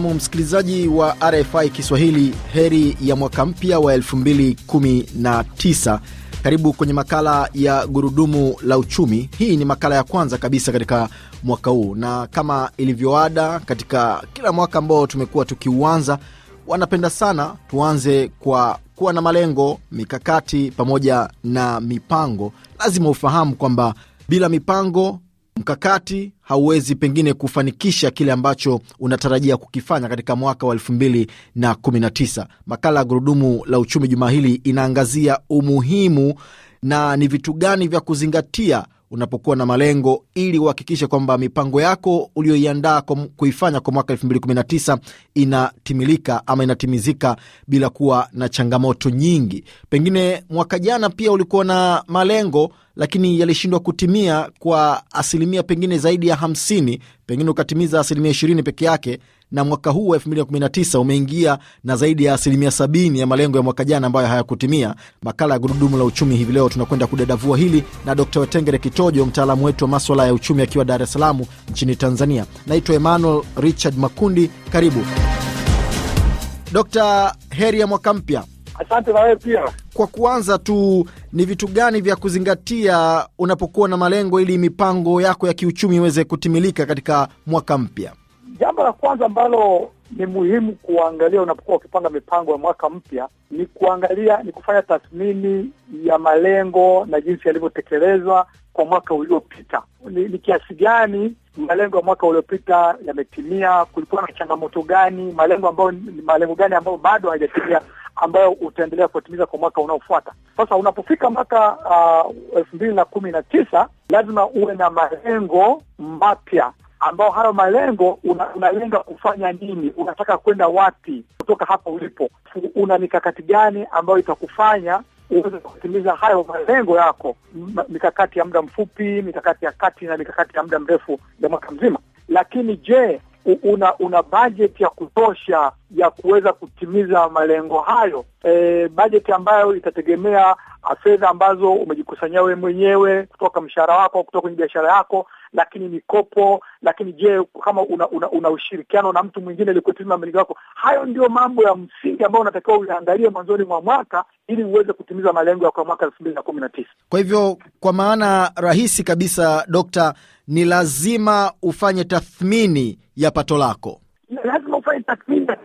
Nam msikilizaji wa RFI Kiswahili, heri ya mwaka mpya wa 2019. Karibu kwenye makala ya gurudumu la uchumi. Hii ni makala ya kwanza kabisa katika mwaka huu, na kama ilivyoada katika kila mwaka ambao tumekuwa tukiuanza, wanapenda sana tuanze kwa kuwa na malengo, mikakati pamoja na mipango. Lazima ufahamu kwamba bila mipango mkakati hauwezi pengine kufanikisha kile ambacho unatarajia kukifanya katika mwaka wa elfu mbili na kumi na tisa. Makala ya Gurudumu la Uchumi juma hili inaangazia umuhimu na ni vitu gani vya kuzingatia unapokuwa na malengo ili uhakikishe kwamba mipango yako uliyoiandaa kuifanya kwa mwaka 2019 inatimilika ama inatimizika bila kuwa na changamoto nyingi. Pengine mwaka jana pia ulikuwa na malengo lakini yalishindwa kutimia kwa asilimia pengine zaidi ya hamsini, pengine ukatimiza asilimia ishirini peke yake, na mwaka huu wa 2019 umeingia na zaidi ya asilimia 70 ya malengo ya mwaka jana ambayo hayakutimia. Makala ya Gurudumu la Uchumi hivi leo tunakwenda kudadavua hili na Dkt Wetengere Kitojo, mtaalamu wetu wa maswala ya uchumi akiwa Dar es Salaam nchini Tanzania. Naitwa Emmanuel Richard Makundi, karibu Dkt. Heri ya mwaka mpya. Asante na wewe pia. Kwa kuanza tu, ni vitu gani vya kuzingatia unapokuwa na malengo ili mipango yako ya kiuchumi iweze kutimilika katika mwaka mpya? Jambo la kwanza ambalo ni muhimu kuangalia unapokuwa ukipanga mipango ya mwaka mpya ni kuangalia, ni kufanya tathmini ya malengo na jinsi yalivyotekelezwa kwa mwaka uliopita. Ni, ni kiasi gani malengo ya mwaka uliopita yametimia? Kulikuwa na changamoto gani? Malengo ambayo ni malengo gani ambayo bado hayajatimia ambayo utaendelea kuwatimiza kwa mwaka unaofuata. Sasa unapofika mwaka uh, elfu uh, mbili na kumi na tisa lazima uwe na malengo mapya ambao hayo malengo una, unalenga kufanya nini? Unataka kwenda wapi kutoka hapa ulipo? Una mikakati gani ambayo itakufanya uweze kutimiza hayo malengo yako, mikakati ya muda mfupi, mikakati ya kati na mikakati ya muda mrefu ya mwaka mzima. Lakini je, una una bajeti ya kutosha ya kuweza kutimiza malengo hayo? E, bajeti ambayo itategemea fedha ambazo umejikusanyia wewe mwenyewe kutoka mshahara wako, kutoka kwenye biashara yako, lakini mikopo, lakini je, kama una, una, una ushirikiano na mtu mwingine aliyekutimiza malengo yako? Hayo ndio mambo ya msingi ambayo unatakiwa uyaangalie mwanzoni mwa mwaka ili uweze kutimiza malengo ya kwa mwaka elfu mbili na kumi na tisa. Kwa hivyo kwa maana rahisi kabisa, Dokta, ni lazima ufanye tathmini ya pato lako, lazima ufanye tathmini ya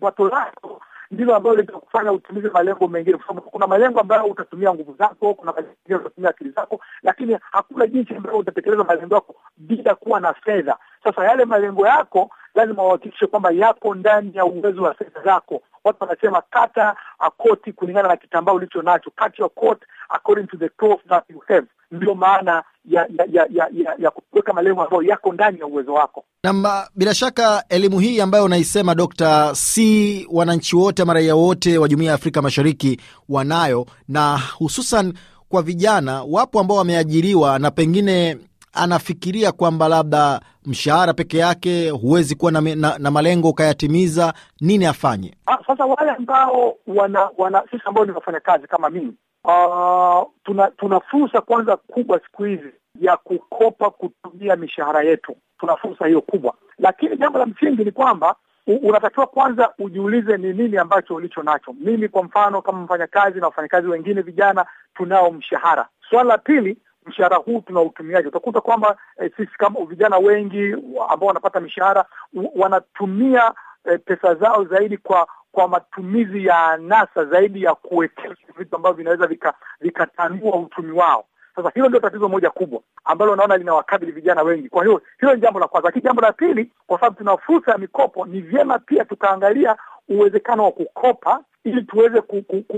pato lako ndilo ambalo litakufanya utimize malengo mengine, kwa sababu kuna malengo ambayo utatumia nguvu zako, kuna malengo utatumia akili zako, lakini hakuna jinsi ambayo utatekeleza malengo yako bila kuwa na fedha. Sasa yale malengo yako lazima uhakikishe kwamba yako ndani ya uwezo wa fedha zako. Watu wanasema kata akoti kulingana na kitambaa ulicho nacho, cut your coat according to the cloth that you have ndio maana ya ya ya, ya, ya, ya kuweka malengo ambayo yako ndani ya uwezo wako. Na ah, bila shaka elimu hii ambayo unaisema Dokta, si wananchi wote ama raia wote wa Jumuiya ya Afrika Mashariki wanayo, na hususan kwa vijana, wapo ambao wameajiriwa na pengine anafikiria kwamba labda mshahara peke yake huwezi kuwa na, na, na malengo ukayatimiza. Nini afanye? Ah, sasa wale ambao wana, wana sisi ambao ni wafanya kazi kama mimi Uh, tuna, tuna fursa kwanza kubwa siku hizi ya kukopa kutumia mishahara yetu. Tuna fursa hiyo kubwa, lakini jambo la msingi ni kwamba unatakiwa kwanza ujiulize ni nini ambacho ulicho nacho. Mimi kwa mfano kama mfanyakazi na wafanyakazi wengine vijana tunao mshahara. Swala la pili, mshahara huu tunautumiaje? Utakuta kwamba e, sisi kama vijana wengi ambao wanapata mishahara wanatumia e, pesa zao zaidi kwa kwa matumizi ya nasa zaidi ya kuwekeza vitu ambavyo vinaweza vikatanua vika uchumi wao. Sasa hilo ndio tatizo moja kubwa ambalo naona linawakabili vijana wengi. Kwa hiyo hilo ni jambo la kwanza, lakini jambo la pili, kwa sababu tuna fursa ya mikopo, ni vyema pia tukaangalia uwezekano wa kukopa ili tuweze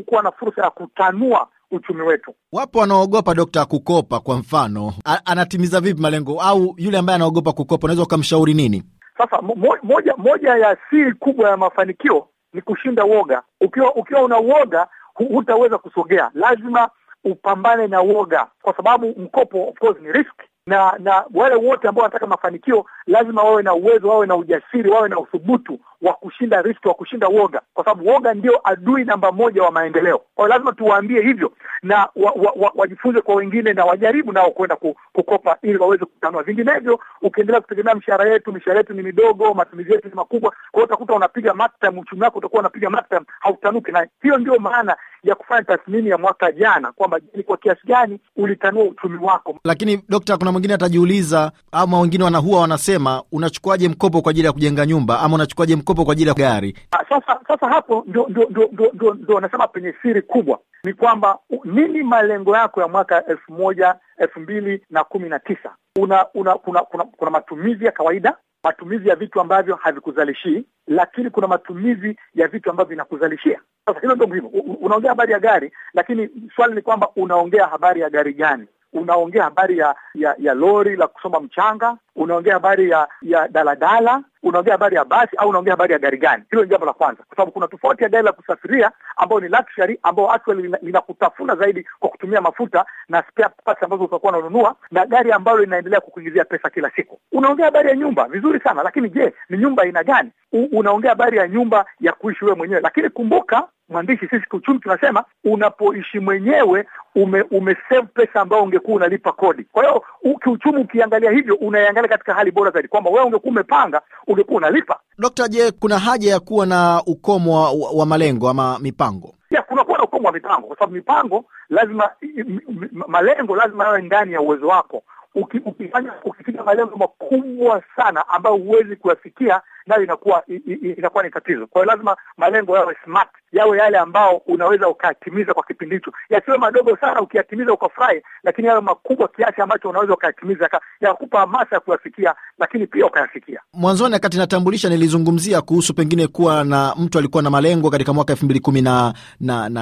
kuwa na fursa ya kutanua uchumi wetu. Wapo wanaogopa dokta kukopa. Kwa mfano, anatimiza vipi malengo? Au yule ambaye anaogopa kukopa, unaweza ukamshauri nini? Sasa moja, moja ya siri kubwa ya mafanikio ni kushinda woga. Ukiwa ukiwa una woga hutaweza kusogea, lazima upambane na woga, kwa sababu mkopo of course ni risk, na na wale wote ambao wanataka mafanikio lazima wawe na uwezo, wawe na ujasiri, wawe na uthubutu wa kushinda riski, wa kushinda woga, kwa sababu woga ndio adui namba moja wa maendeleo. Kwa hiyo lazima tuwaambie hivyo na wa, wa, wa, wajifunze kwa wengine na wajaribu nao kwenda kukopa ili waweze kutanua. Vinginevyo ukiendelea kutegemea mishahara yetu, mishahara yetu ni midogo, matumizi yetu ni makubwa, kwa hiyo utakuta unapiga maktam, uchumi wako utakuwa unapiga maktam, hautanuki. Na hiyo ndio maana ya kufanya tathmini ya mwaka jana kwamba ni kwa kiasi gani ulitanua uchumi wako. Lakini dokta, kuna mwingine atajiuliza ama wengine wanahua wanasema, unachukuaje mkopo kwa ajili ya kujenga nyumba ama unachukuaje mkopo mkopo kwa ajili ya gari. Ah, sasa sasa hapo ndio nasema penye siri kubwa ni kwamba nini malengo yako ya mwaka elfu moja elfu mbili na kumi na tisa. Una, una, kuna, kuna, kuna matumizi ya kawaida matumizi ya vitu ambavyo havikuzalishii, lakini kuna matumizi ya vitu ambavyo vinakuzalishia. Sasa hilo ndio muhimu. Unaongea habari ya gari, lakini swali ni kwamba unaongea habari ya gari gani? unaongea habari ya, ya ya lori la kusoma mchanga, unaongea habari ya ya daladala, unaongea habari ya basi au unaongea habari ya gari gani? Hilo ni jambo la kwanza, kwa sababu kuna tofauti ya gari la kusafiria ambayo ni luxury, ambayo actually linakutafuna zaidi kwa kutumia mafuta na spare parts ambazo utakuwa unanunua, na gari ambalo linaendelea kukuingizia pesa kila siku. Unaongea habari ya nyumba vizuri sana, lakini je, ni nyumba aina gani? Unaongea habari ya nyumba ya kuishi wewe mwenyewe, lakini kumbuka mwandishi, sisi kiuchumi tunasema unapoishi mwenyewe ume, save pesa ambayo ungekuwa unalipa kodi. Kwa hiyo kiuchumi ukiangalia hivyo, unaiangalia katika hali bora zaidi kwamba wewe ungekuwa umepanga, ungekuwa unalipa. Dokta, je, kuna haja ya kuwa na ukomo wa, wa malengo ama mipango? Ya, kuna kuwa na ukomo wa mipango kwa sababu mipango lazima, malengo lazima yawe ndani ya uwezo wako ukifanya ukifika malengo makubwa sana ambayo huwezi kuyafikia, nayo inakuwa inakuwa ni tatizo. Kwa hiyo lazima malengo yawe smart, yawe yale ambao unaweza ukayatimiza kwa kipindi hicho, yasiwe madogo sana ukiyatimiza ukafurahi, lakini yawe makubwa kiasi ambacho unaweza ukayatimiza, yakupa hamasa ya kuyafikia, lakini pia ukayafikia. Mwanzoni wakati natambulisha, nilizungumzia kuhusu pengine kuwa na mtu alikuwa na malengo katika mwaka elfu mbili kumi na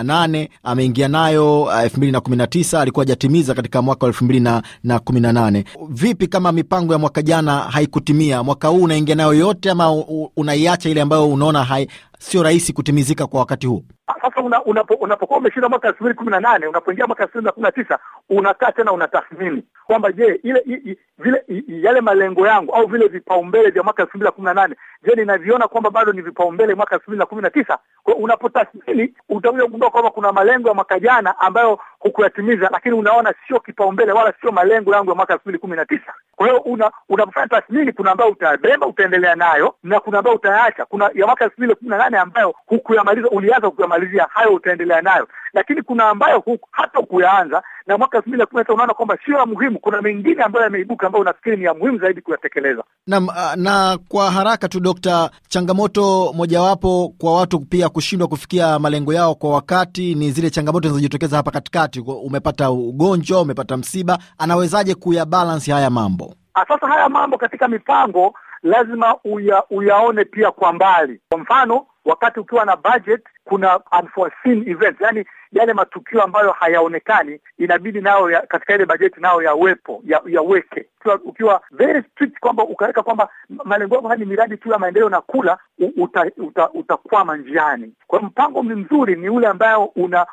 nane ameingia nayo eh, elfu mbili na kumi na tisa alikuwa hajatimiza katika mwaka wa elfu mbili na kumi na nane nane. Vipi kama mipango ya mwaka jana haikutimia, mwaka huu unaingia nayo yote ama unaiacha ile ambayo unaona hai, sio rahisi kutimizika kwa wakati huu? Ah, sasa una, unapo, unapokuwa umeshinda mwaka elfu mbili kumi na nane unapoingia mwaka elfu mbili na kumi na tisa unakaa tena unatathmini kwamba je, ile i, i, vile i, yale malengo yangu au vile vipaumbele vya mwaka elfu mbili na kumi na nane je, ninaviona kwamba bado ni vipaumbele mwaka elfu mbili na kumi na tisa kwao unapotathmini utakuja kugundua kwamba kuna malengo ya mwaka jana ambayo hukuyatimiza, lakini unaona sio kipaumbele wala sio malengo yangu ya mwaka elfu mbili kumi na tisa Kwa hiyo una, unapofanya tathmini, kuna ambayo utabeba utaendelea nayo na kuna ambayo utayaacha. Kuna ya mwaka elfu mbili kumi na nane ambayo hukuyamaliza ulianza kuyamaliza kumalizia hayo utaendelea nayo, lakini kuna ambayo huku hata kuyaanza na mwaka elfu mbili na kumi na tisa unaona kwamba sio ya muhimu. Kuna mengine ambayo yameibuka ambayo unafikiri ni ya muhimu zaidi kuyatekeleza. Naam, na kwa haraka tu Dokta, changamoto mojawapo kwa watu pia kushindwa kufikia malengo yao kwa wakati ni zile changamoto zinazojitokeza hapa katikati. Umepata ugonjwa, umepata msiba, anawezaje kuyabalansi haya mambo? Ah, sasa haya mambo katika mipango lazima uya, uyaone pia kwa mbali. Kwa mfano Wakati ukiwa na budget, kuna unforeseen events, yani yale matukio ambayo hayaonekani inabidi nayo katika ile bajeti nayo yawepo ya, yaweke. Ukiwa, ukiwa very strict kwamba ukaweka kwamba malengo yako hadi miradi tu ya maendeleo na kula, utakwama uta, uta njiani. Kwa hiyo mpango mzuri ni ule ambayo una-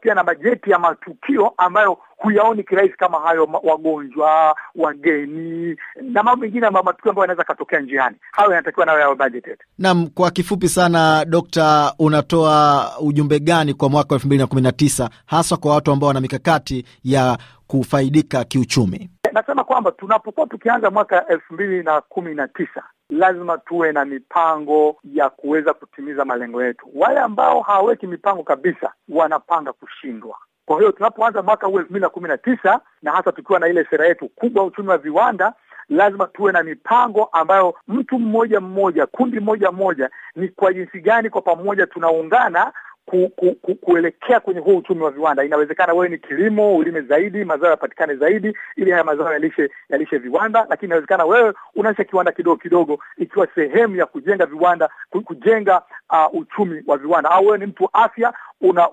pia na bajeti ya matukio ambayo kuyaoni kirahisi kama hayo wagonjwa, wageni na mambo mengine ambayo matukio ambayo yanaweza katokea njiani, hayo yanatakiwa nayo yawe budgeted. Naam, kwa kifupi sana Dokta, unatoa ujumbe gani kwa mwaka wa elfu mbili na kumi na tisa haswa kwa watu ambao wana mikakati ya kufaidika kiuchumi? Nasema kwamba tunapokuwa tukianza mwaka elfu mbili na kumi na tisa lazima tuwe na mipango ya kuweza kutimiza malengo yetu. Wale ambao hawaweki mipango kabisa wanapanga kushindwa. Kwa hiyo tunapoanza mwaka huu elfu mbili na kumi na tisa na hasa tukiwa na ile sera yetu kubwa uchumi wa viwanda, lazima tuwe na mipango ambayo mtu mmoja mmoja, kundi moja moja, ni kwa jinsi gani kwa pamoja tunaungana ku, ku, ku, kuelekea kwenye huo uchumi wa viwanda. Inawezekana wewe ni kilimo, ulime zaidi, mazao yapatikane zaidi, ili haya mazao yalishe yalishe viwanda, lakini inawezekana wewe unaisha kiwanda kidogo kidogo, ikiwa sehemu ya kujenga viwanda, kujenga uh, uchumi wa viwanda. Au wewe ni mtu afya,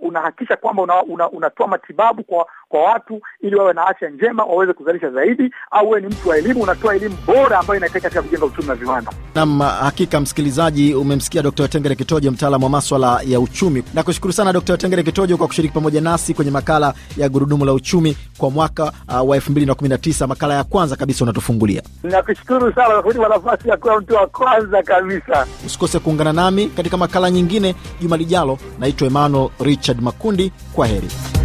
unahakikisha una kwamba unatoa una matibabu kwa kwa watu ili wawe na afya njema, waweze kuzalisha zaidi, au wewe ni mtu wa elimu, unatoa elimu bora ambayo inahitajika katika kujenga uchumi na viwanda. Naam, hakika msikilizaji, umemsikia Dr. Tengere Kitojo, mtaalamu wa maswala ya uchumi. Nakushukuru sana Dr. Tengere Kitojo kwa kushiriki pamoja nasi kwenye makala ya Gurudumu la Uchumi kwa mwaka uh, wa 2019 makala ya kwanza kabisa unatufungulia. Nakushukuru sana kwa kunipa nafasi ya kuwa mtu wa kwanza kabisa. Usikose kuungana nami katika makala nyingine juma lijalo. Naitwa Emmanuel Richard Makundi, kwa heri.